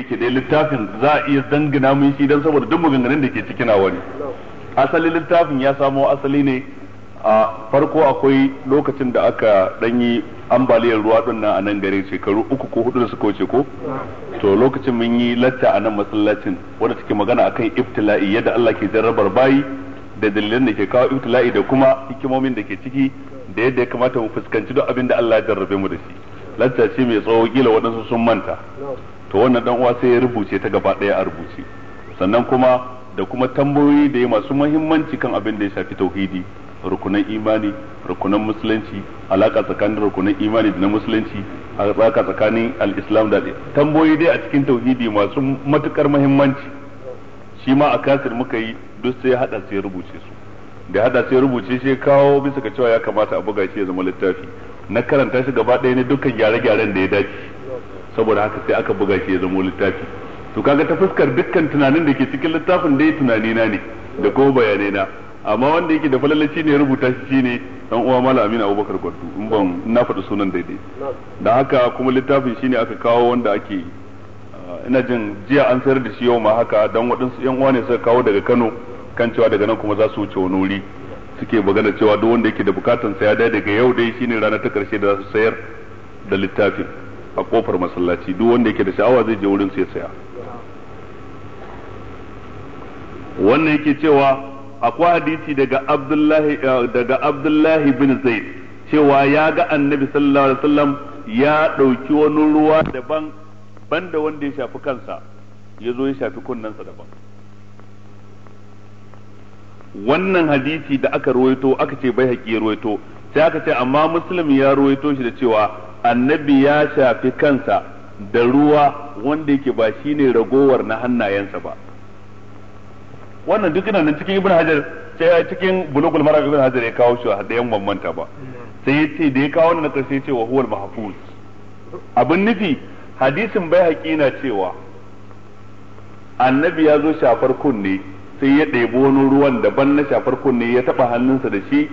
yake dai littafin za a iya dangana mun shi dan saboda duk maganganun da ke cikin nawa ne asalin littafin ya samo asali ne a farko akwai lokacin da aka danyi ambaliyar ruwa din nan a nan gare shekaru uku ko hudu da suka wuce ko to lokacin mun yi latta a nan masallacin wanda take magana akan ibtila'i yadda Allah ke jarrabar bayi da dalilan da ke kawo ibtila'i da kuma hikimomin da ke ciki da yadda ya kamata mu fuskanci duk abin da Allah ya jarrabe mu da shi lacca mai tsawo kila waɗansu sun manta to wannan dan uwa sai ya rubuce ta gaba ɗaya a rubuce sannan kuma da kuma tambayoyi da ya masu muhimmanci kan abin da ya shafi tauhidi rukunan imani rukunan musulunci alaka tsakanin rukunan imani da na musulunci alaka tsakanin al'islam da da tambayoyi dai a cikin tauhidi masu matukar muhimmanci shi ma a kasir muka yi duk sai hada sai rubuce su da hada sai rubuce shi kawo bisa ga cewa ya kamata a buga shi ya zama littafi na karanta shi gaba ɗaya ne dukkan gyare-gyaren da ya dace saboda haka sai aka buga shi ya zama littafi to kaga ta fuskar dukkan tunanin da ke cikin littafin dai tunani na ne da kuma bayanai na amma wanda yake da falalaci ne rubuta shi ne dan uwa mala amina Abubakar Gwardu in ban na faɗi sunan daidai da haka kuma littafin shine aka kawo wanda ake ah, ina jin jiya an sayar da shi yau ma haka dan waɗansu yan uwa ne suka kawo daga Kano kan cewa daga nan kuma za su wuce wani wuri suke magana cewa duk wanda yake da bukatan ya dai daga yau dai shine rana ta karshe da za su sayar da littafin a kofar masallaci duk wanda yake da sha'awa zai je wurin sai saya wannan yake cewa akwai hadisi daga Abdullahi eh, daga Abdullahi bin Zaid cewa ya ga Annabi sallallahu alaihi wasallam ya ɗauki wani ruwa daban banda wanda ya shafi kansa ya zo ya shafi kunnensa daban wannan hadisi da aka ruwaito aka ce bai haƙi ruwaito sai aka ce amma muslim ya ruwaito shi da cewa annabi ya shafi kansa da ruwa wanda yake ba shine ragowar na hannayensa ba wannan duk nan cikin ibn hajar sai cikin bulugul maram ibn hajar ya kawo shi a hadayen bambanta ba sai ya ce da ya kawo wannan karshe ya ce wa huwal mahfuz abin nufi hadisin bai haƙi na cewa annabi ya zo shafar kunne sai ya ɗebi wani ruwan daban na shafar kunne ya taɓa hannunsa da shi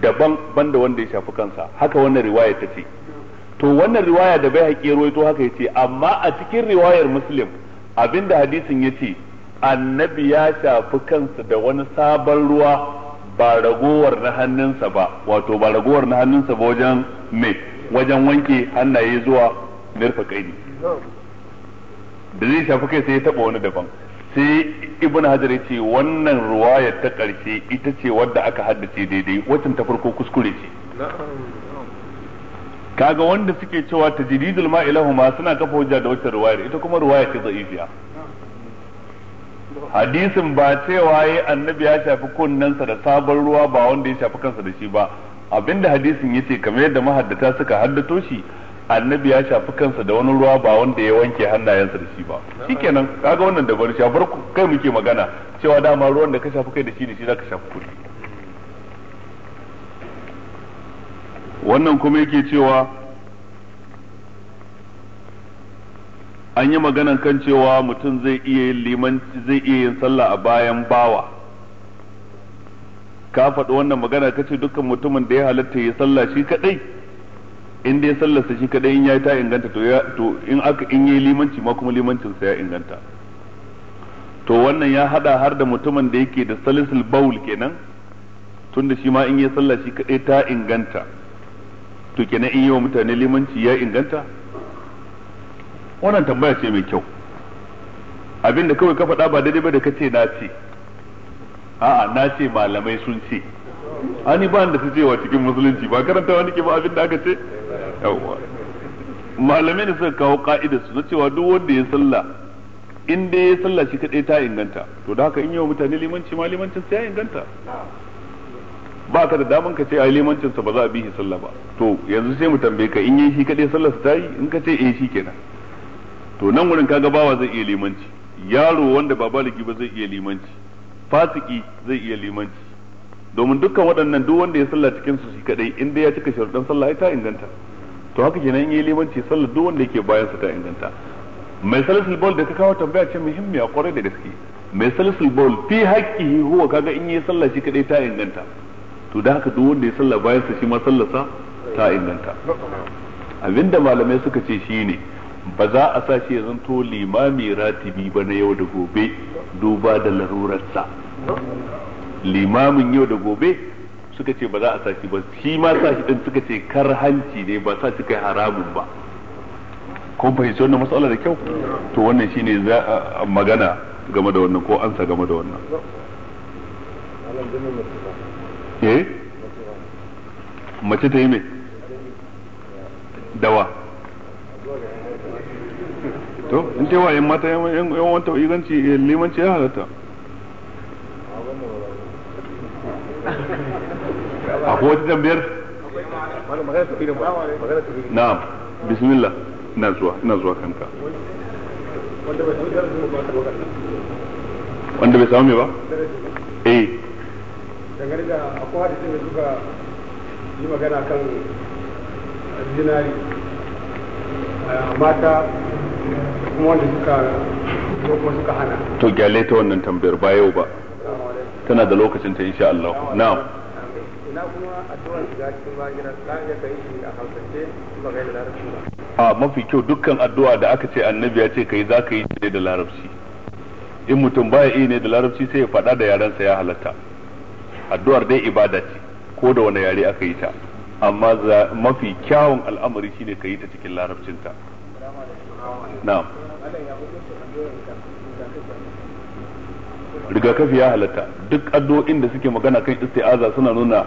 daban banda wanda ya shafi kansa haka wannan riwaya ta ce to wannan riwaya da bai haƙe ruwaito haka ya ce amma a cikin riwayar muslim abinda hadisin ya ce annabi ya shafi kansa da wani sabon ruwa ba ragowar na hannunsa ba wato ba ragowar na hannunsa ba wajen me wajen wanke hannaye zuwa nirfa kai da zai shafi kai sai ya taɓa wani daban sai ibn hajar ya ce wannan ruwayar ta ƙarshe ita ce wadda aka haddace daidai watan ta farko kuskure ce kaga wanda suke cewa tajridul ma ilahuma suna kafa hujja da wacce ruwayar ita kuma ruwaya ce zaifiya hadisin ba cewa ya annabi ya shafi kunnensa da sabon ruwa ba wanda ya shafi kansa da shi ba abinda hadisin ya ce kamar yadda mahaddata suka haddato shi annabi ya shafi kansa da wani ruwa ba wanda ya wanke hannayensa da shi ba shikenan kaga wannan da bari shafar kai muke magana cewa dama ruwan da ka shafi kai da shi da shi zaka shafi kuri wannan kuma yake cewa an yi maganan kan cewa mutum zai iya yin liman zai iya yin sallah a bayan bawa ka faɗi wannan magana kace dukkan mutumin da ya halatta ya sallah shi kadai in dai sa shi kadai in yayi ta inganta to to in aka in yayi limanci ma kuma limancin sa ya inganta to wannan ya hada har da mutumin da yake da salisul baul kenan tunda shi ma in yayi sallar shi kadai ta inganta to kenan in yi wa mutane limanci ya inganta wannan tambaya ce mai kyau abinda kawai ka faɗa ba daidai ba da kace na ce a'a na ce malamai sun ce ani ba da su cewa cikin musulunci ba karanta wani ke ba abin da aka ce yawwa malamai ne suka kawo ka'ida su na cewa duk wanda ya sallah in dai ya sallah shi kadai ta inganta to da haka in wa mutane limanci ma limancin sai ya inganta ba ka da daman ka ce ai limancin sa ba za a bi shi sallah ba to yanzu sai mu tambaye ka in yi shi kadai sallah ta yi in ka ce eh shi kenan to nan wurin kaga bawa zai iya limanci yaro wanda ba baligi ba zai iya limanci fasiki zai iya limanci domin dukkan waɗannan duk wanda ya sallah cikin su shi kadai in dai ya cika sharuɗan sallah ai ta inganta to haka kenan in yi limanci sallar duk wanda yake bayan sa ta inganta mai salisul bol da ka kawo tambaya ce muhimmiya kwarai da gaske mai salisul bol fi haƙƙi huwa kaga in yi sallah shi kadai ta inganta to da haka duk wanda ya sallah bayan sa shi ma sallarsa ta inganta abinda malamai suka ce shine ba za a sa shi ya zanto limami ratibi ba na yau da gobe duba da larurarsa limamin yau da gobe suka ce ba za a saki ba shi ma sashi din suka ce kar hanci ne ba sa suka yi haramun ba ko bai fahimci wannan matsala da kyau to wannan shine za a magana game da wannan ko ansa game da wannan eh mace ta yi mai dawa to in ce wa yan mata yan wanta iganci limanci ya halatta akwai wata tambayar na'am bismillah ina zuwa ina zuwa kanka wanda bai samu me ba eh dangane da akwai hadisi da suka yi magana kan zinari mata kuma wanda suka ko kuma suka hana to gyale ta wannan tambayar ba yau ba tana da lokacin ta insha Allah na'am a mafi kyau dukkan addu'a da aka ce annabi ya ce kai za ka yi ne da larabci in mutum baya iya ne da larabci sai ya faɗa da yarensa ya halatta addu'ar dai ibada ce ko da wani yare aka yi ta amma mafi kyawun al'amari shine ka yi ta cikin larabcinta na'am rigakafi ya halatta duk addu'o'in da suke magana kan isti'aza suna nuna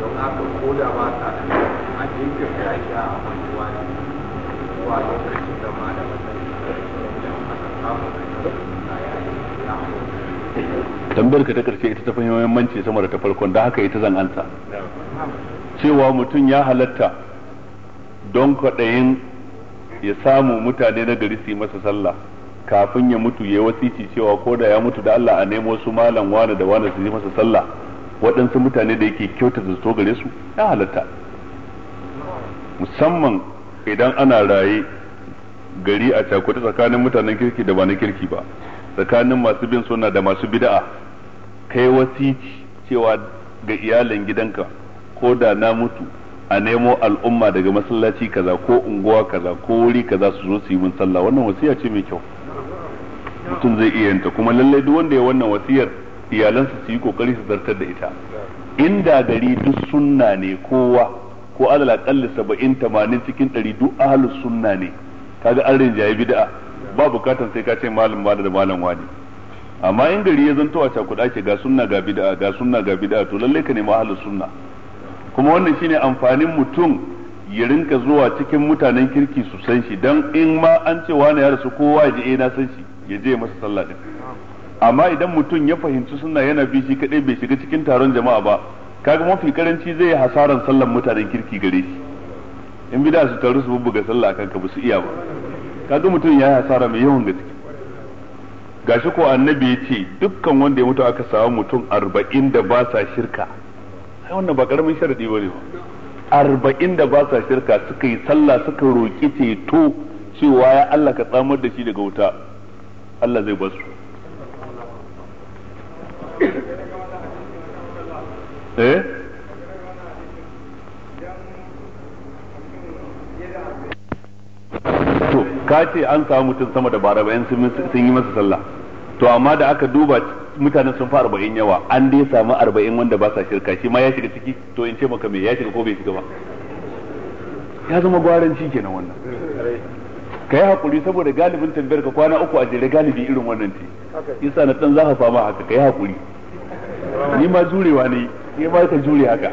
don haka ko da ba ta da a da ma da tambayar ka ta karshe ita ta fi muhimmanci sama da ta farkon da haka ita zan ansa cewa mutum ya halatta don kwaɗayin ya samu mutane na gari su yi masa sallah kafin ya mutu ya wasici cewa ko da ya mutu da Allah a nemo su malam wane da wane su yi masa sallah waɗansu mutane da yake kyauta da so gare su ya halatta musamman idan ana raye gari a cakuta tsakanin mutanen kirki da ba na kirki ba tsakanin masu bin suna da masu bida'a kai wasici cewa ga iyalin gidanka ko da na mutu a nemo al'umma daga masallaci kaza ko unguwa kaza ko wuri kaza su zo su yi min sallah wannan wasiya ce mai kyau mutum zai iya yanta kuma lallai duk wanda ya wannan wasiyar iyalansa su yi kokari su zartar da ita inda gari duk sunna ne kowa ko alal aqalli 70 80 cikin 100 duk ahlus sunna ne kaga an rinjaye bid'a ba bukatan sai ka ce malam ba da malam wani amma in gari ya zanto a cakuɗa ke ga sunna ga bid'a ga sunna ga bid'a to lalle ka nemi ahlus sunna kuma wannan shine amfanin mutum ya rinka zuwa cikin mutanen kirki su san shi dan in ma an ce wani ya rasu kowa ya je eh, na san shi ya je masa sallah din amma idan mutum ya fahimci suna yana bi shi kadai bai shiga cikin taron jama'a ba kaga mafi karanci zai hasaran sallan mutanen kirki gare shi in bida su taru su bubbuga sallah kan ka su iya ba kaga mutum ya hasara mai yawan gaske gashi ko annabi ya ce dukkan wanda ya mutu aka samu mutum arba'in da ba sa shirka ai wannan ba karamin sharadi ba ne ba arba'in da ba sa shirka suka yi sallah suka roƙi ceto cewa ya Allah ka tsamar da shi daga wuta Allah zai basu eh to ka ce an samu mutum sama da bara bayan sun yi masa sallah to amma da aka duba mutanen sun fi arba'in yawa an dai samu arba'in wanda ba sa shirka shi ma ya shiga ciki to in ce maka me ya shiga ko bai shiga ba ya zama gwaranci kenan wannan ka yi hakuri saboda galibin tambayar ka kwana uku a jere galibi irin wannan ce yasa na dan ka fama haka ka yi hakuri ni ma jurewa ne shi ma ka jure haka